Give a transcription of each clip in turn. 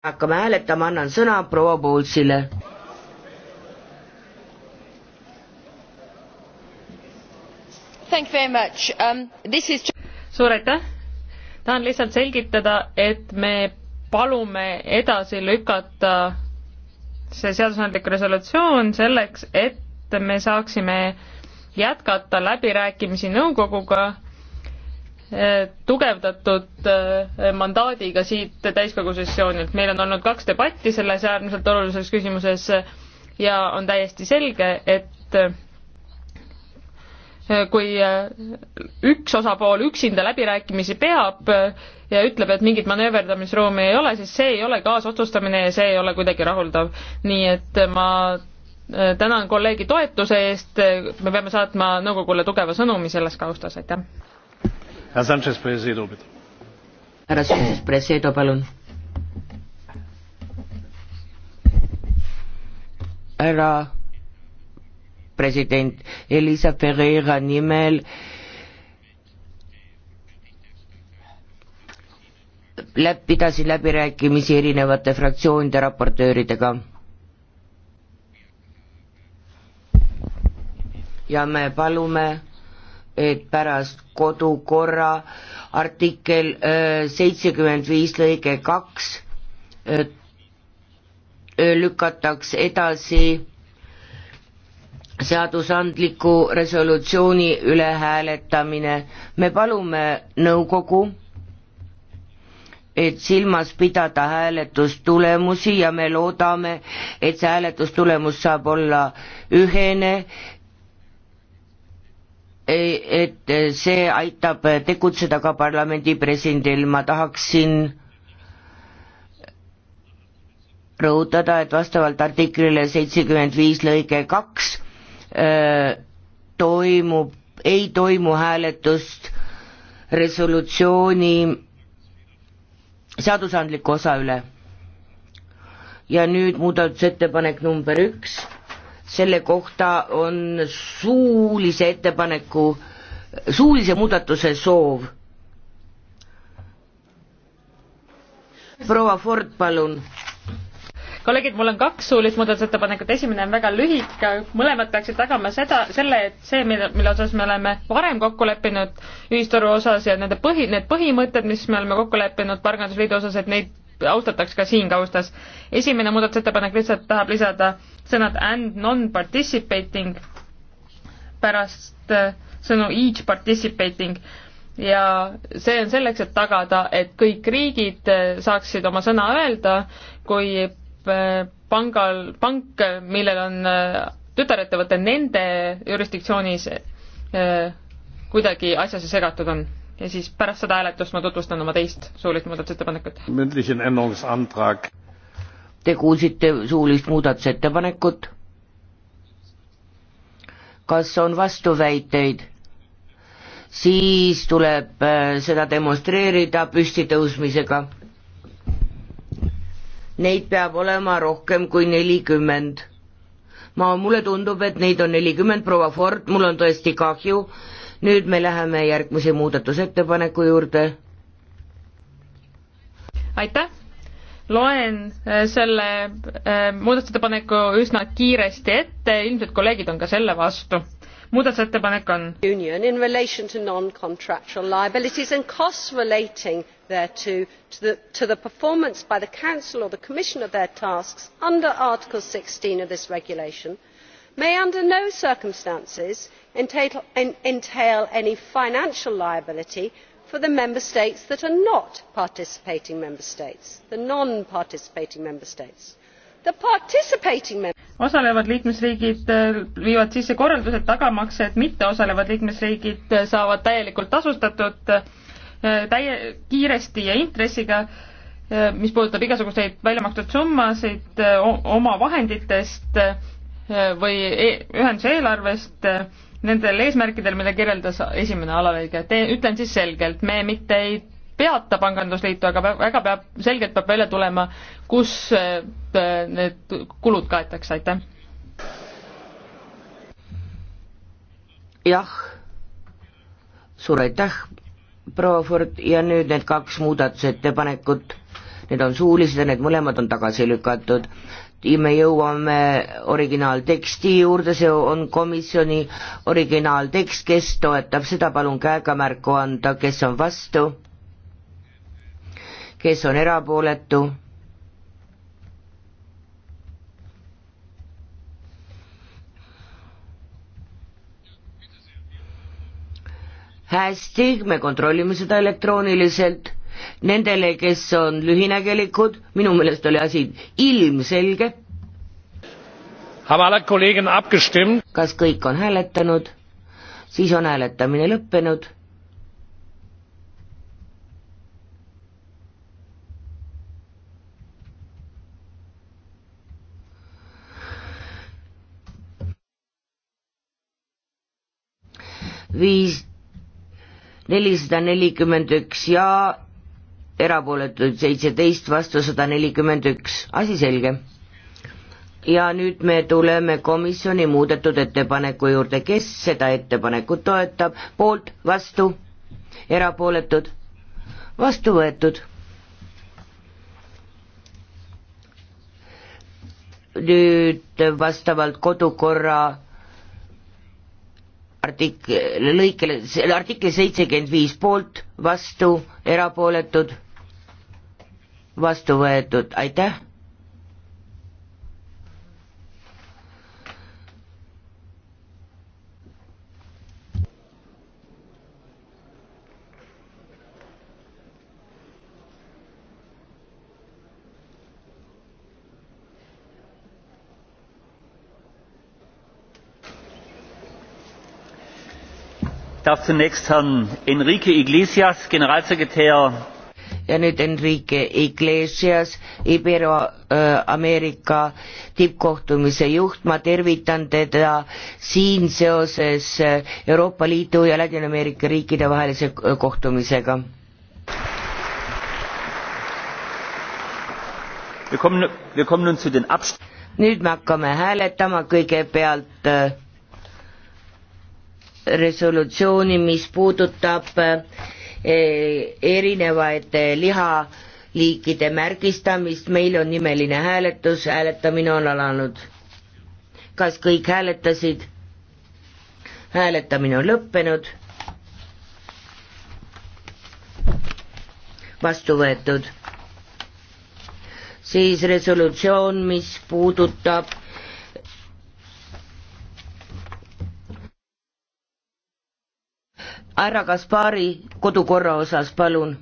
hakkame hääletama, annan sõna proua Poolsile. Um, is... suur aitäh, tahan lihtsalt selgitada, et me palume edasi lükata see seadusandlik resolutsioon selleks, et me saaksime jätkata läbirääkimisi nõukoguga tugevdatud äh, mandaadiga siit täiskogu sessioonilt. meil on olnud kaks debatti selles äärmiselt olulises küsimuses ja on täiesti selge, et äh, kui äh, üks osapool üksinda läbirääkimisi peab ja ütleb, et mingit manööverdamisruumi ei ole, siis see ei ole kaasotsustamine ja see ei ole kuidagi rahuldav. nii et ma tänan kolleegi toetuse eest, me peame saatma nõukogule tugeva sõnumi selles kaustas, aitäh! härra Sanchez Presedo, palun. härra president Elisa Ferreira nimel läb-, pidasin läbirääkimisi erinevate fraktsioonide raportööridega. ja me palume et pärast kodukorra artikkel äh, seitsekümmend viis lõige kaks äh, äh, lükataks edasi seadusandliku resolutsiooni üle hääletamine. me palume nõukogu, et silmas pidada hääletustulemusi ja me loodame, et see hääletustulemus saab olla ühene et eh, see aitab eh, tegutseda ka parlamendi presidendil, ma tahaksin rõhutada, et vastavalt artiklile seitsekümmend viis lõige kaks eh, toimub, ei toimu hääletust resolutsiooni seadusandliku osa üle. ja nüüd muudatusettepanek number üks selle kohta on suulise ettepaneku, suulise muudatuse soov. proua Ford, palun kolleegid, mul on kaks suulist muudatusettepanekut, esimene on väga lühike, mõlemad peaksid tagama seda, selle, et see, mille, mille osas me oleme varem kokku leppinud ühisturu osas ja nende põhi, need põhimõtted, mis me oleme kokku leppinud Pangandusliidu osas, et neid austataks ka siin kaustas. esimene muudatusettepanek lihtsalt tahab lisada sõnad and non-participating pärast äh, sõnu each participating ja see on selleks, et tagada, et kõik riigid äh, saaksid oma sõna öelda, kui äh, pangal, pank, millel on tütarettevõte nende jurisdiktsioonis, kuidagi asjasse segatud on ja siis pärast seda hääletust ma tutvustan oma teist suulist muudatusettepanekut. Te kuulsite suulist muudatusettepanekut? kas on vastuväiteid? siis tuleb äh, seda demonstreerida püstitõusmisega. Neid peab olema rohkem kui nelikümmend. ma, mulle tundub, et neid on nelikümmend, proua Ford, mul on tõesti kahju, nüüd me läheme järgmise muudatusettepaneku juurde. aitäh, loen äh, selle äh, muudatusettepaneku üsna kiiresti ette, ilmselt kolleegid on ka selle vastu muudatusettepanek on union in relation to non contractual liabilities and costs relating thereto to the, to the performance by the council or the commission of their tasks under article sixteen of this regulation may under no circumstances entail any financial liability for the member states that are not participating member states the non participating member states. the participating member states osalevad liikmesriigid äh, viivad sisse korraldused tagamaks et mitteosalevad liikmesriigid äh, saavad täielikult tasustatud äh, täie kiiresti ja intressiga mis puudutab igasuguseid väljamakstud summasid omavahenditest või e-, ühenduse eelarvest äh, nendel eesmärkidel, mida kirjeldas esimene alalõige. ütlen siis selgelt, me mitte ei peata pangandusliitu, aga väga peab, selgelt peab välja tulema, kus äh, need kulud kaetakse, aitäh. jah, suur aitäh, proua Ford, ja nüüd need kaks muudatusettepanekut, need on suulised ja need mõlemad on tagasi lükatud me jõuame originaalteksti juurde, see on komisjoni originaaltekst, kes toetab seda, palun käega märku anda, kes on vastu, kes on erapooletu. hästi, me kontrollime seda elektrooniliselt nendele, kes on lühinägelikud, minu meelest oli asi ilmselge. kas kõik on hääletanud? siis on hääletamine lõppenud. viis nelisada nelikümmend üks ja erapooletuid seitseteist, vastu sada nelikümmend üks, asi selge. ja nüüd me tuleme komisjoni muudetud ettepaneku juurde, kes seda ettepanekut toetab, poolt, vastu, erapooletud, vastu võetud. nüüd vastavalt kodukorra artik-, lõikele, artikli seitsekümmend viis poolt, vastu, erapooletud vastu võetud, aitäh. darf zunächst herrn enrique iglesias generalsekretär ja nüüd Enrique Iglesias, Ibero-Ameerika äh, tippkohtumise juht, ma tervitan teda siin seoses äh, Euroopa Liidu ja Ladina-Ameerika riikide vahelise äh, kohtumisega. nüüd me hakkame hääletama, kõigepealt resolutsiooni, mis puudutab Eh, erinevaid eh, lihaliikide märgistamist, meil on nimeline hääletus, hääletamine on alanud. kas kõik hääletasid? hääletamine on lõppenud. vastu võetud. siis resolutsioon, mis puudutab härra Kaspari kodukorra osas, palun.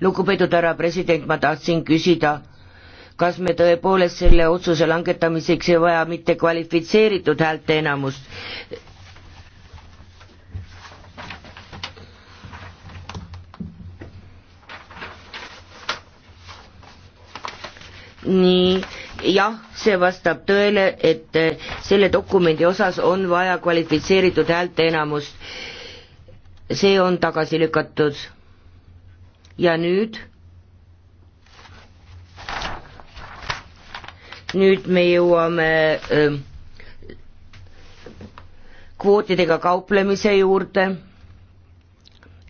lugupeetud härra president, ma tahtsin küsida, kas me tõepoolest selle otsuse langetamiseks ei vaja mitte kvalifitseeritud häälteenamust? nii, jah, see vastab tõele, et selle dokumendi osas on vaja kvalifitseeritud häälteenamust see on tagasi lükatud. ja nüüd? nüüd me jõuame öö, ähm, kvootidega kauplemise juurde.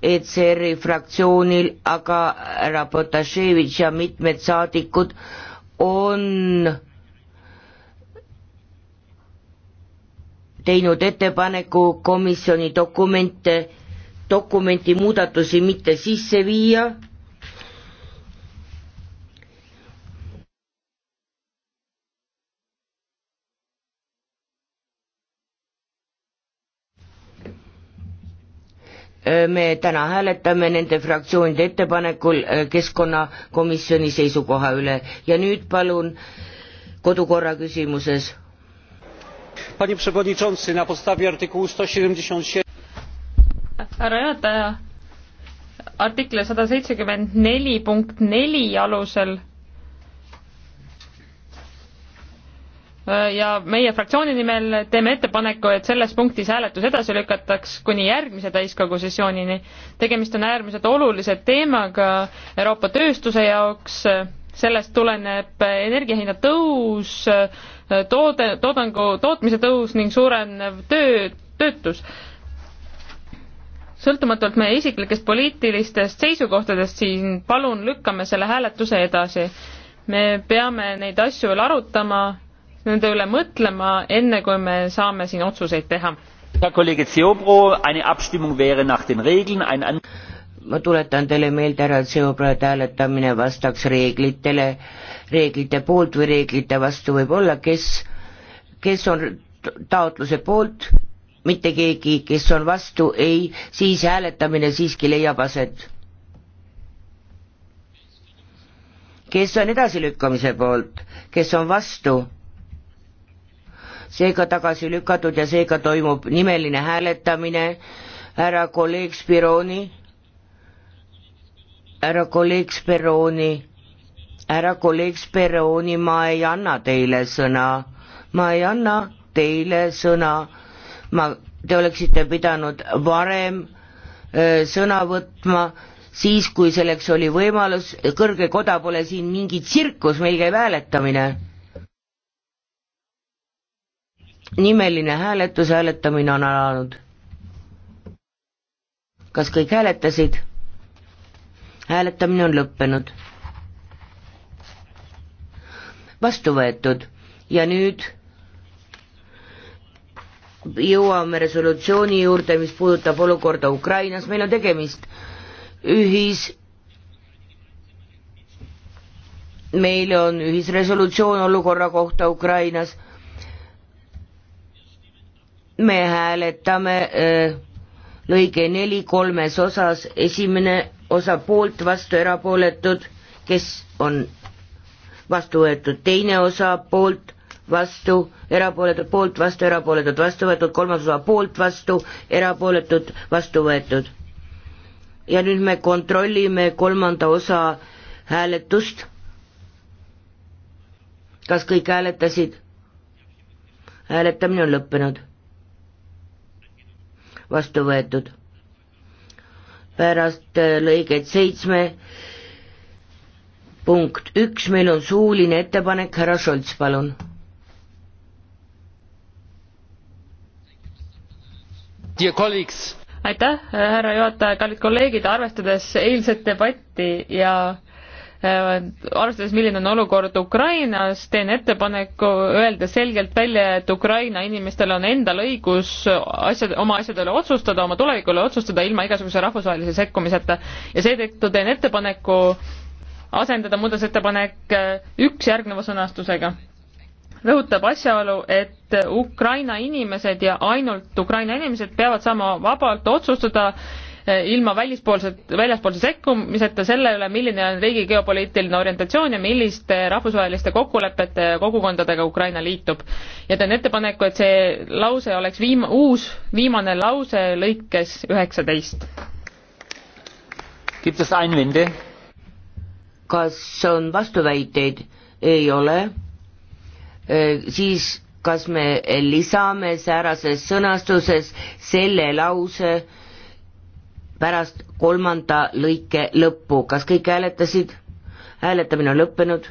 ECR-i fraktsioonil aga härra Potaševitš ja mitmed saadikud on teinud ettepaneku komisjoni dokumente dokumenti muudatusi mitte sisse viia. me täna hääletame nende fraktsioonide ettepanekul äh, keskkonnakomisjoni seisukoha üle ja nüüd palun kodukorra küsimuses. Panie przewodniczący, na podstawie artykułu 177 härra juhataja, artikli sada seitsekümmend neli punkt neli alusel ja meie fraktsiooni nimel teeme ettepaneku, et selles punktis hääletus edasi lükataks kuni järgmise täiskogu sessioonini. tegemist on äärmiselt olulise teemaga Euroopa tööstuse jaoks, sellest tuleneb energiahinna tõus, toode, toodangu tootmise tõus ning suurenev töö, töötus sõltumatult meie isiklikest poliitilistest seisukohtadest siin, palun lükkame selle hääletuse edasi. me peame neid asju veel arutama, nende üle mõtlema, enne kui me saame siin otsuseid teha. Herr Kollege Ziobro, eine Abstimmung wäre nach den Regeln ein an ma tuletan teile meelde ära, et Seobra hääletamine vastaks reeglitele, reeglite poolt või reeglite vastu võib olla, kes, kes on taotluse poolt, mitte keegi, kes on vastu, ei, siis hääletamine siiski leiab aset. kes on edasilükkamise poolt, kes on vastu, seega tagasi lükatud ja seega toimub nimeline hääletamine härra kolleeg Spironi, härra kolleeg Spironi, härra kolleeg Spironi, ma ei anna teile sõna, ma ei anna teile sõna ma, te oleksite pidanud varem öö, äh, sõna võtma, siis kui selleks oli võimalus, kõrge koda pole siin mingi tsirkus, meil käib hääletamine. nimeline hääletus, hääletamine on alanud. kas kõik hääletasid? hääletamine on lõppenud. vastu võetud ja nüüd jõuame resolutsiooni juurde, mis puudutab olukorda Ukrainas, meil on tegemist ühis, meil on ühisresolutsioon olukorra kohta Ukrainas, me hääletame äh, lõige neli kolmes osas, esimene osa poolt, vastu erapooletud, kes on vastu võetud, teine osa poolt, vastu, erapooletud poolt, vastu, erapooletud vastu võetud, kolmas osa poolt, vastu, erapooletud, vastu võetud. ja nüüd me kontrollime kolmanda osa hääletust. kas kõik hääletasid? hääletamine on lõppenud. vastu võetud. pärast äh, lõiget seitsme punkt üks, meil on suuline ettepanek, härra Šolts, palun aitäh, härra juhataja, kallid kolleegid, arvestades eilset debatti ja äh, arvestades, milline on olukord Ukrainas, teen ettepaneku öelda selgelt välja, et Ukraina inimestel on endal õigus asjad, oma asjade üle otsustada, oma tuleviku üle otsustada ilma igasuguse rahvusvahelise sekkumiseta. ja seetõttu teen ettepaneku asendada muudatusettepanek äh, üks järgneva sõnastusega rõhutab asjaolu, et Ukraina inimesed ja ainult Ukraina inimesed peavad saama vabalt otsustada eh, ilma välispoolset, väljaspoolse sekkumiseta selle üle, milline on riigi geopoliitiline orientatsioon ja milliste rahvusvaheliste kokkulepete ja kogukondadega Ukraina liitub. ja teen ettepaneku, et see lause oleks viim-, uus viimane lause lõikes üheksateist. kas on vastuväiteid? ei ole siis kas me lisame säärases sõnastuses selle lause pärast kolmanda lõike lõppu, kas kõik hääletasid? hääletamine on lõppenud.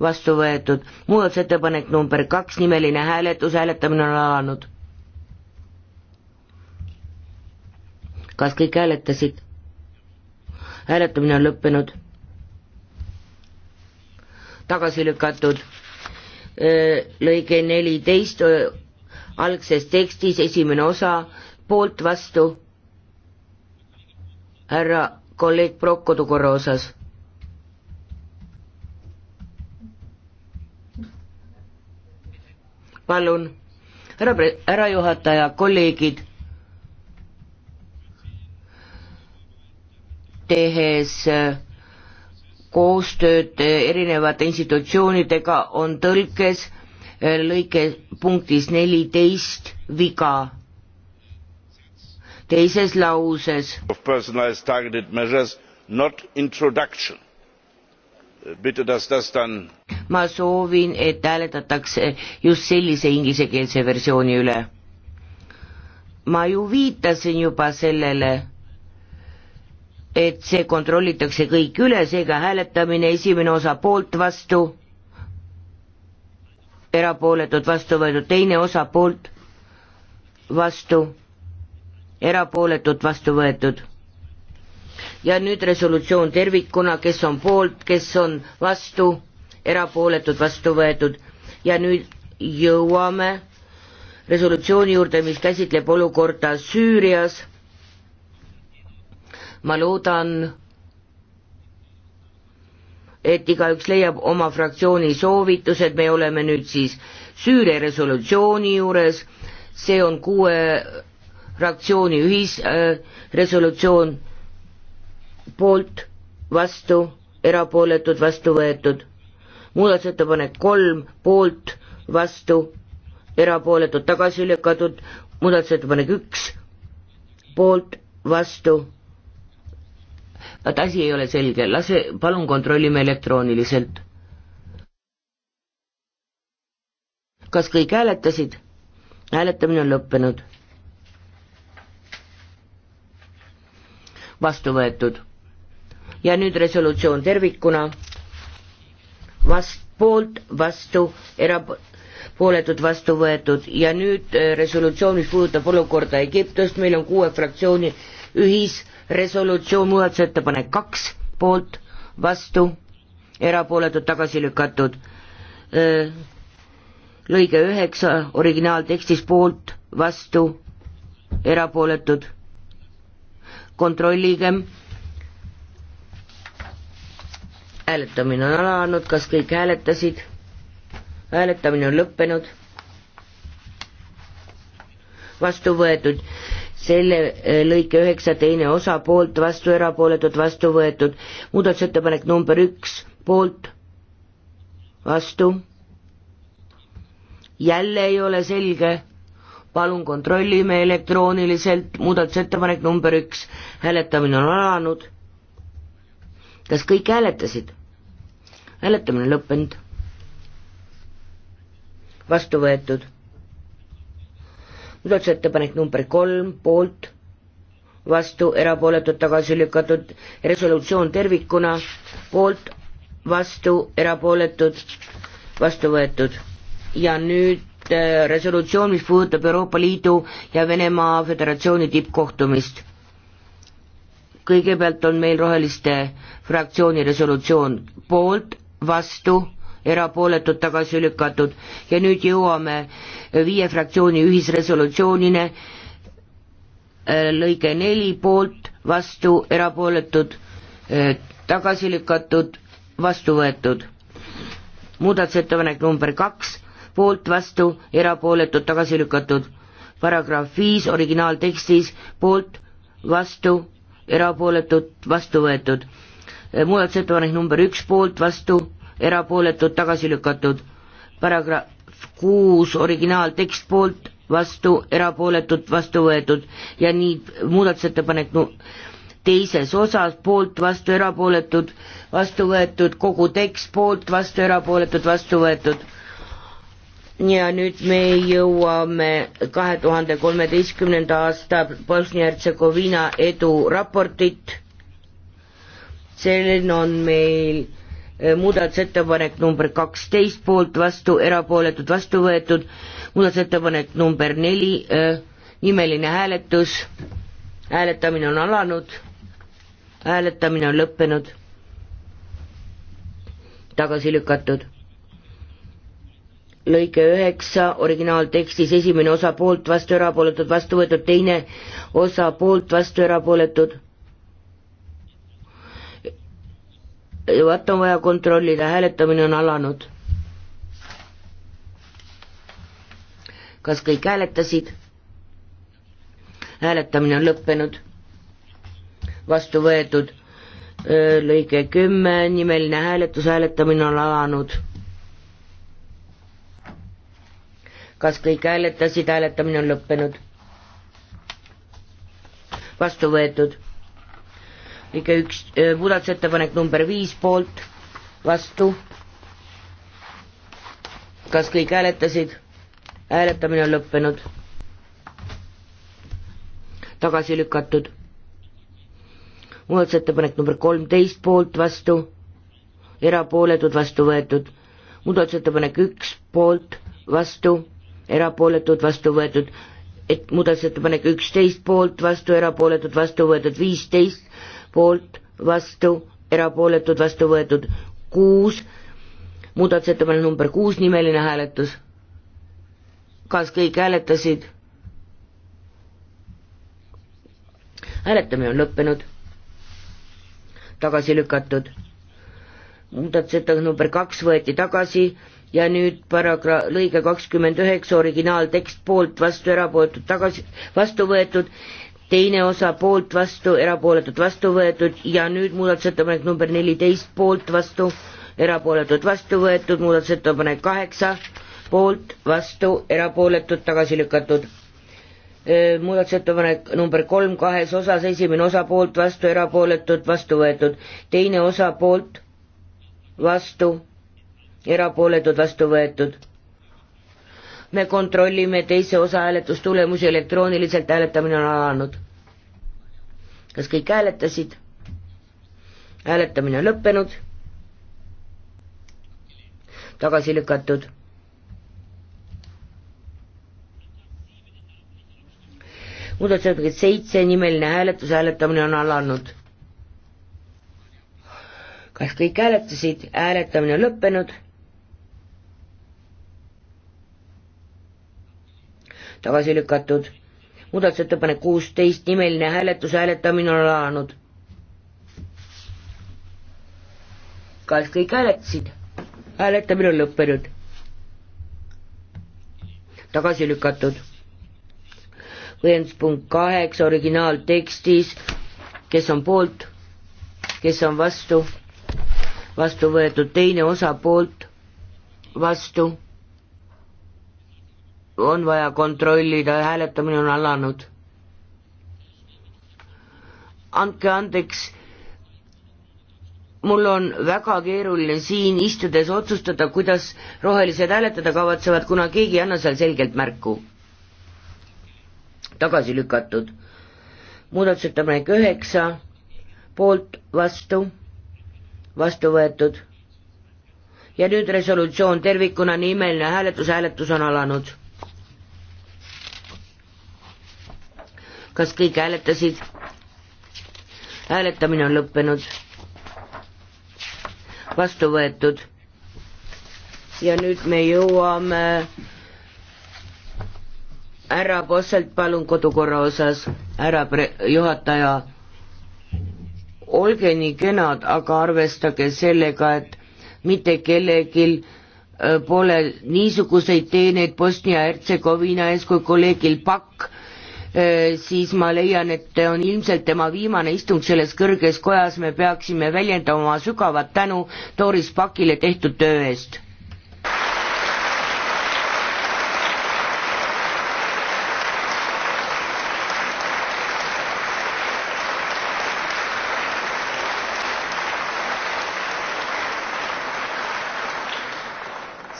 vastu võetud muudatusettepanek number kaks, nimeline hääletus, hääletamine on alanud. kas kõik hääletasid? hääletamine on lõppenud tagasi lükatud. Äh, lõige neliteist äh, algses tekstis, esimene osa, poolt vastu. härra kolleeg Prokk kodukorra osas. palun, härra, härra juhataja, kolleegid tehes äh, koostööd eh, erinevate institutsioonidega on tõlkes eh, lõike punktis neliteist viga. teises lauses of personalized targeted measures not introduction. Eh, bitte, dass das dann ma soovin, et hääletatakse just sellise inglisekeelse versiooni üle. ma ju viitasin juba sellele et see kontrollitakse kõik üle, seega hääletamine, esimene osa poolt, vastu, erapooletud, vastu võetud, teine osa poolt, vastu, erapooletud, vastu võetud. ja nüüd resolutsioon tervikuna, kes on poolt, kes on vastu, erapooletud, vastu võetud ja nüüd jõuame resolutsiooni juurde, mis käsitleb olukorda Süürias ma loodan, et igaüks leiab oma fraktsiooni soovitused, me oleme nüüd siis Süüria resolutsiooni juures, see on kuue fraktsiooni ühisresolutsioon äh,, poolt, vastu, erapooletud, vastu võetud. muudatusettepanek kolm, poolt, vastu, erapooletud, tagasi lükatud, muudatusettepanek üks, poolt, vastu vaat asi ei ole selge, lase, palun kontrollime elektrooniliselt. kas kõik hääletasid? hääletamine on lõppenud. vastu võetud. ja nüüd resolutsioon tervikuna. vast-, poolt, vastu, erap-, pooletud vastu võetud ja nüüd eh, resolutsioon, mis puudutab olukorda Egiptust, meil on kuue fraktsiooni ühisresolutsioon, muudatusettepanek kaks, poolt, vastu, erapooletud, tagasi lükatud. lõige üheksa originaaltekstis poolt, vastu, erapooletud, kontrollige. hääletamine on alanud, kas kõik hääletasid? hääletamine on lõppenud vastu võetud selle äh, lõike üheksa teine osa poolt, vastu, erapooletud, vastu võetud. muudatusettepanek number üks, poolt, vastu. jälle ei ole selge. palun kontrollime elektrooniliselt, muudatusettepanek number üks, hääletamine on alanud. kas kõik hääletasid? hääletamine lõppenud. vastu võetud muudatusettepanek number kolm, poolt, vastu, erapooletud, tagasi lükatud, resolutsioon tervikuna, poolt, vastu, erapooletud, vastu võetud. ja nüüd äh, resolutsioon, mis puudutab Euroopa Liidu ja Venemaa Föderatsiooni tippkohtumist. kõigepealt on meil Roheliste fraktsiooni resolutsioon poolt, vastu erapooletud tagasi lükatud ja nüüd jõuame viie fraktsiooni ühisresolutsioonine, äh, lõige neli poolt, vastu, erapooletud, äh, tagasi lükatud, vastu võetud. muudatusettepanek number kaks, poolt, vastu, erapooletud, tagasi lükatud. paragrahv viis originaaltekstis, poolt, vastu, erapooletud, vastu võetud. Äh, muudatusettepanek number üks, poolt, vastu, erapooletud, tagasi lükatud. paragrahv kuus, originaaltekst poolt, vastu, erapooletud, vastu võetud ja nii muudatusettepanek no, teises osas poolt, vastu, erapooletud, vastu võetud, kogu tekst poolt, vastu, erapooletud, vastu võetud ja nüüd me jõuame kahe tuhande kolmeteistkümnenda aasta Bosnia-Hertsegoviina eduraportit. selline on meil Äh, muudatusettepanek number kaksteist poolt vastu, erapooletud vastu võetud, muudatusettepanek number neli, äh, nimeline hääletus, hääletamine on alanud, hääletamine on lõppenud, tagasi lükatud. lõige üheksa, originaaltekstis esimene osa poolt vastu, erapooletud vastu võetud, teine osa poolt vastu, erapooletud vaata, on vaja kontrollida, hääletamine on alanud. kas kõik hääletasid? hääletamine on lõppenud, vastu võetud lõige kümme, nimeline hääletus, hääletamine on alanud. kas kõik hääletasid, hääletamine on lõppenud? vastu võetud lõige üks äh,, muudatusettepanek number viis poolt, vastu. kas kõik hääletasid? hääletamine on lõppenud. tagasi lükatud. muudatusettepanek number kolmteist poolt, vastu, erapooletud, vastu võetud. muudatusettepanek üks poolt, vastu, erapooletud, vastu võetud et muudatusettepanek üksteist poolt, vastu, erapooletud, vastu võetud viisteist poolt, vastu, erapooletud, vastu võetud kuus, muudatusettepanek number kuus, nimeline hääletus. kas kõik hääletasid? hääletamine on lõppenud, tagasi lükatud. muudatusettepanek number kaks võeti tagasi ja nüüd paragrahv, lõige kakskümmend üheksa originaaltekst poolt vastu, erapooletud tagasi, vastu võetud, teine osa poolt vastu, erapooletud vastu võetud ja nüüd muudatusettepanek number neliteist poolt vastu, erapooletud vastu võetud, muudatusettepanek kaheksa poolt vastu, erapooletud tagasi lükatud muudatusettepanek number kolm kahes osas, esimene osa poolt vastu, erapooletud, vastu võetud, teine osa poolt vastu, erapooletud, vastu võetud. me kontrollime teise osa hääletustulemusi elektrooniliselt, hääletamine on alanud. kas kõik hääletasid? hääletamine on lõppenud. tagasi lükatud. muudatusettepanek seitse, nimeline hääletus, hääletamine on alanud. kas kõik hääletasid, hääletamine on lõppenud tagasi lükatud. muudatusettepanek kuusteist, nimeline hääletus, hääletamine on alanud. kas kõik hääletasid? hääletamine on lõppenud. tagasi lükatud. põhjendus punkt kaheksa originaaltekstis, kes on poolt, kes on vastu, vastu võetud teine osa poolt, vastu on vaja kontrollida, hääletamine on alanud. andke andeks, mul on väga keeruline siin istudes otsustada, kuidas rohelised hääletada kavatsevad, kuna keegi ei anna seal selgelt märku. tagasi lükatud. muudatusettepanek üheksa, poolt, vastu, vastu võetud ja nüüd resolutsioon tervikuna, nimeline hääletus, hääletus on alanud kas kõik hääletasid? hääletamine on lõppenud. vastu võetud. ja nüüd me jõuame härra Posselt, palun kodukorra osas, härra juhataja, olge nii kenad, aga arvestage sellega, et mitte kellelgi äh, pole niisuguseid teeneid Bosnia-Hertsegoviina ees kui kolleegil Pakk siis ma leian, et on ilmselt tema viimane istung selles kõrges kojas, me peaksime väljendama oma sügavat tänu Doris Pakile tehtud töö eest.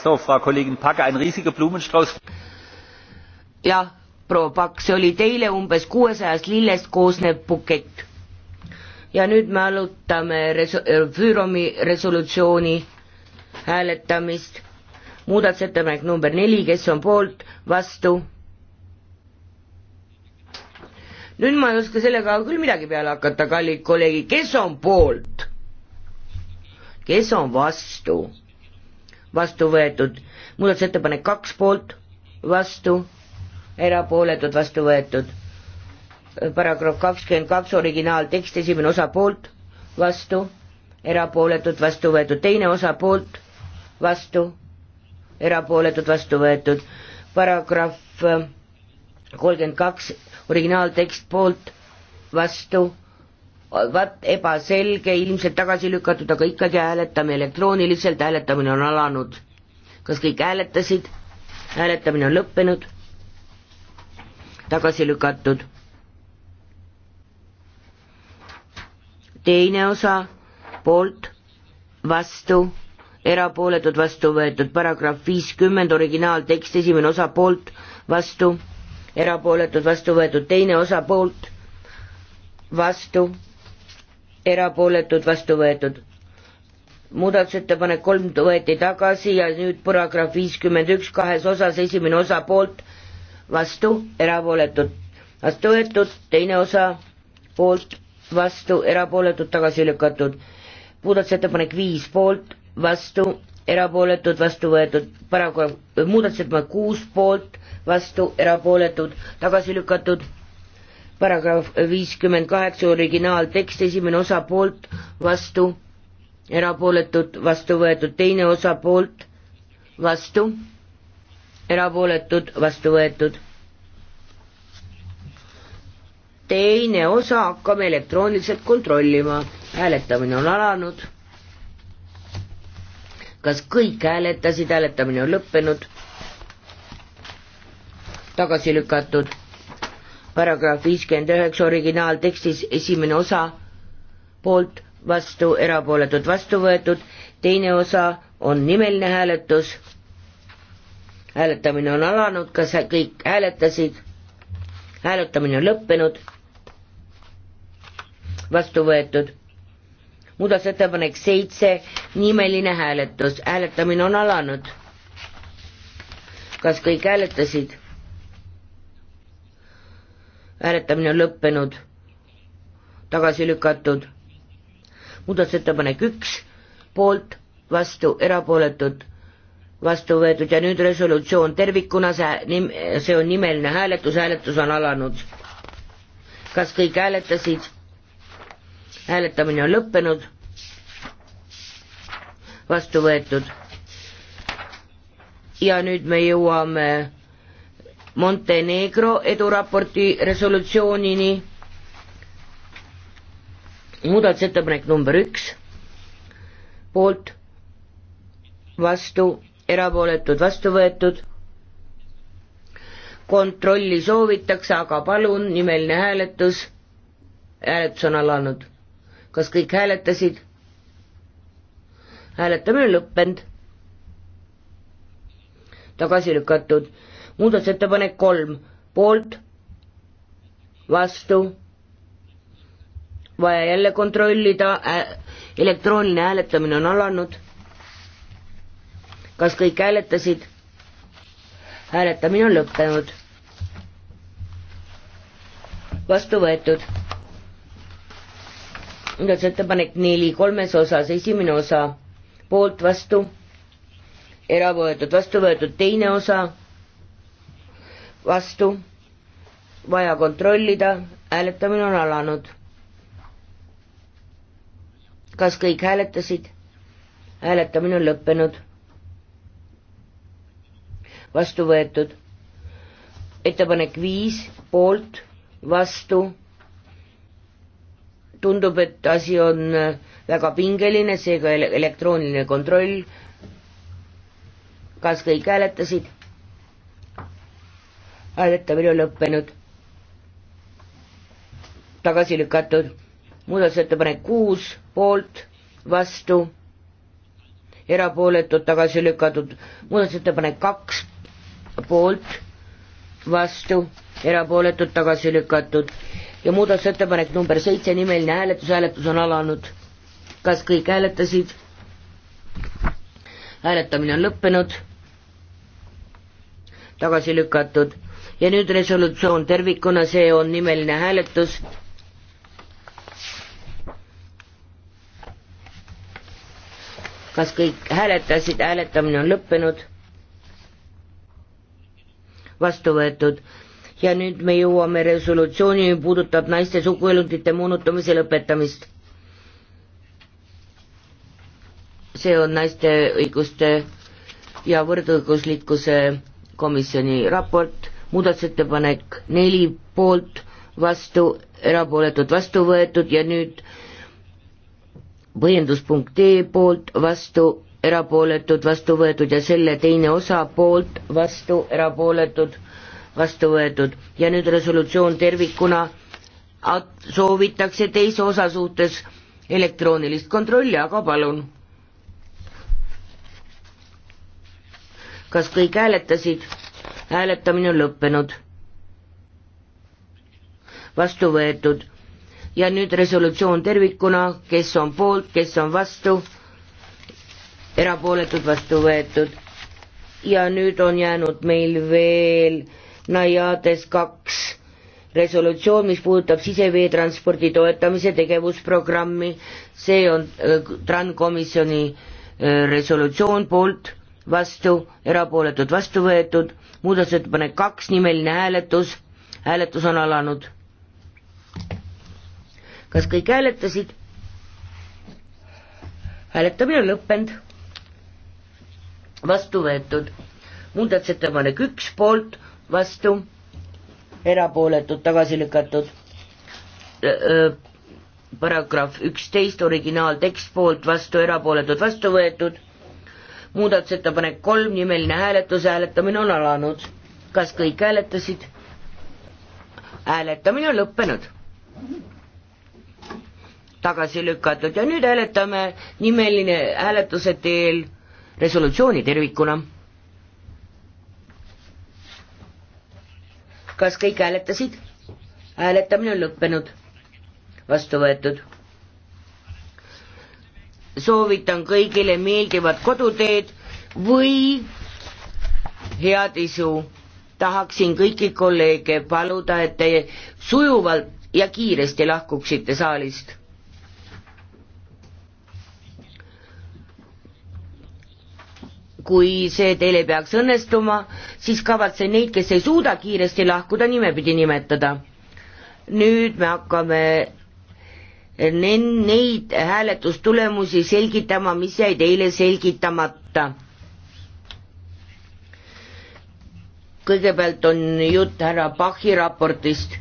So, Frau Kollegin Pack, ein riesiger Blumenstrauß. Ja, proua Pakk, see oli teile umbes kuuesajast lillest koosnev bukett. ja nüüd me alutame reso-, äh, Füüromi resolutsiooni hääletamist, muudatusettepanek number neli, kes on poolt, vastu, nüüd ma ei oska sellega küll midagi peale hakata, kallid kolleegid, kes on poolt? kes on vastu? vastu võetud, muudatusettepanek kaks poolt, vastu erapooletud, vastu võetud. paragrahv kakskümmend kaks, originaaltekst, esimene osa poolt, vastu, erapooletud, vastu võetud, teine osa poolt, vastu, erapooletud, vastu võetud. paragrahv kolmkümmend kaks, originaaltekst poolt, vastu, vaat ebaselge, ilmselt tagasi lükatud, aga ikkagi hääletame elektrooniliselt, hääletamine on alanud. kas kõik hääletasid? hääletamine on lõppenud tagasi lükatud. teine osa poolt, vastu, erapooletud, vastu võetud, paragrahv viiskümmend, originaaltekst, esimene osa poolt, vastu, erapooletud, vastu võetud, teine osa poolt, vastu, erapooletud, vastu võetud. muudatusettepanek kolm võeti tagasi ja nüüd paragrahv viiskümmend üks kahes osas, esimene osa poolt, vastu, erapooletud, vastu võetud, teine osa poolt, vastu, erapooletud, tagasi lükatud. muudatusettepanek viis poolt, vastu, erapooletud, vastu võetud, paragrahv, muudatusettepanek kuus poolt, vastu, erapooletud, tagasi lükatud, paragrahv viiskümmend kaheksa, originaaltekst, esimene osa poolt, vastu, erapooletud, vastu võetud, teine osa poolt, vastu erapooletud, vastu võetud. teine osa hakkame elektrooniliselt kontrollima, hääletamine on alanud. kas kõik hääletasid, hääletamine on lõppenud? tagasi lükatud. paragrahv viiskümmend üheksa originaaltekstis esimene osa poolt, vastu, erapooletud, vastu võetud, teine osa on nimeline hääletus hääletamine on alanud, kas kõik hääletasid? hääletamine on lõppenud. vastu võetud. muudatusettepanek seitse, nimeline hääletus, hääletamine on alanud. kas kõik hääletasid? hääletamine on lõppenud, tagasi lükatud. muudatusettepanek üks, poolt, vastu, erapooletud, vastu võetud ja nüüd resolutsioon tervikuna, see, see on nimeline hääletus, hääletus on alanud. kas kõik hääletasid? hääletamine on lõppenud. vastu võetud. ja nüüd me jõuame Montenegro eduraporti resolutsioonini. muudatusettepanek number üks, poolt, vastu erapooletud, vastu võetud. kontrolli soovitakse, aga palun, nimeline hääletus. hääletus on alanud. kas kõik hääletasid? hääletamine on lõppenud. tagasi lükatud. muudatusettepanek kolm, poolt, vastu, vaja jälle kontrollida, elektrooniline hääletamine on alanud kas kõik hääletasid? hääletamine on lõppenud. vastu võetud. muudatusettepanek neli kolmes osas, esimene osa poolt vastu, erapooletud vastu võetud, teine osa vastu, vaja kontrollida, hääletamine on alanud. kas kõik hääletasid? hääletamine on lõppenud vastu võetud. ettepanek viis poolt, vastu. tundub, et asi on väga pingeline, seega elektrooniline kontroll. kas kõik hääletasid? hääletamine on lõppenud. tagasi lükatud. muudatusettepanek kuus poolt, vastu erapooletud tagasi lükatud muudatusettepanek kaks poolt, vastu, erapooletud, tagasi lükatud. ja muudatusettepanek number seitse, nimeline hääletus, hääletus on alanud. kas kõik hääletasid? hääletamine on lõppenud, tagasi lükatud ja nüüd resolutsioon tervikuna, see on nimeline hääletus. kas kõik hääletasid, hääletamine on lõppenud vastu võetud. ja nüüd me jõuame resolutsioonini, puudutab naiste suguelundite moonutamise lõpetamist. see on naiste õiguste ja võrdõiguslikkuse komisjoni raport, muudatusettepanek neli poolt, vastu, erapooletud vastu võetud ja nüüd põhjenduspunkt D poolt vastu erapooletud, vastu võetud ja selle teine osa poolt, vastu, erapooletud, vastu võetud ja nüüd resolutsioon tervikuna soovitakse teise osa suhtes elektroonilist kontrolli, aga palun. kas kõik hääletasid? hääletamine on lõppenud. vastu võetud ja nüüd resolutsioon tervikuna, kes on poolt, kes on vastu erapooletud vastu võetud. ja nüüd on jäänud meil veel Naiades kaks resolutsioon, mis puudutab siseveetranspordi toetamise tegevusprogrammi, see on äh, TRAN komisjoni äh, resolutsioon poolt vastu, erapooletud vastu võetud, muudatusettepanek kaks, nimeline hääletus, hääletus on alanud. kas kõik hääletasid? hääletamine on lõppenud vastu võetud. muudatusettepanek üks poolt, vastu, erapooletud, tagasi lükatud. Äh, äh, paragrahv üksteist, originaaltekst poolt, vastu, erapooletud, vastu võetud. muudatusettepanek kolm, nimeline hääletus, hääletamine on alanud. kas kõik hääletasid? hääletamine on lõppenud. tagasi lükatud ja nüüd hääletame nimeline hääletuse teel resolutsiooni tervikuna. kas kõik hääletasid? hääletamine on lõppenud, vastu võetud. soovitan kõigile meeldivat koduteed või head isu. tahaksin kõiki kolleege paluda, et te sujuvalt ja kiiresti lahkuksite saalist kui see teil ei peaks õnnestuma, siis kavatsen neid, kes ei suuda kiiresti lahkuda, nimepidi nimetada. nüüd me hakkame neid hääletustulemusi selgitama, mis jäid eile selgitamata. kõigepealt on jutt härra Bachi raportist.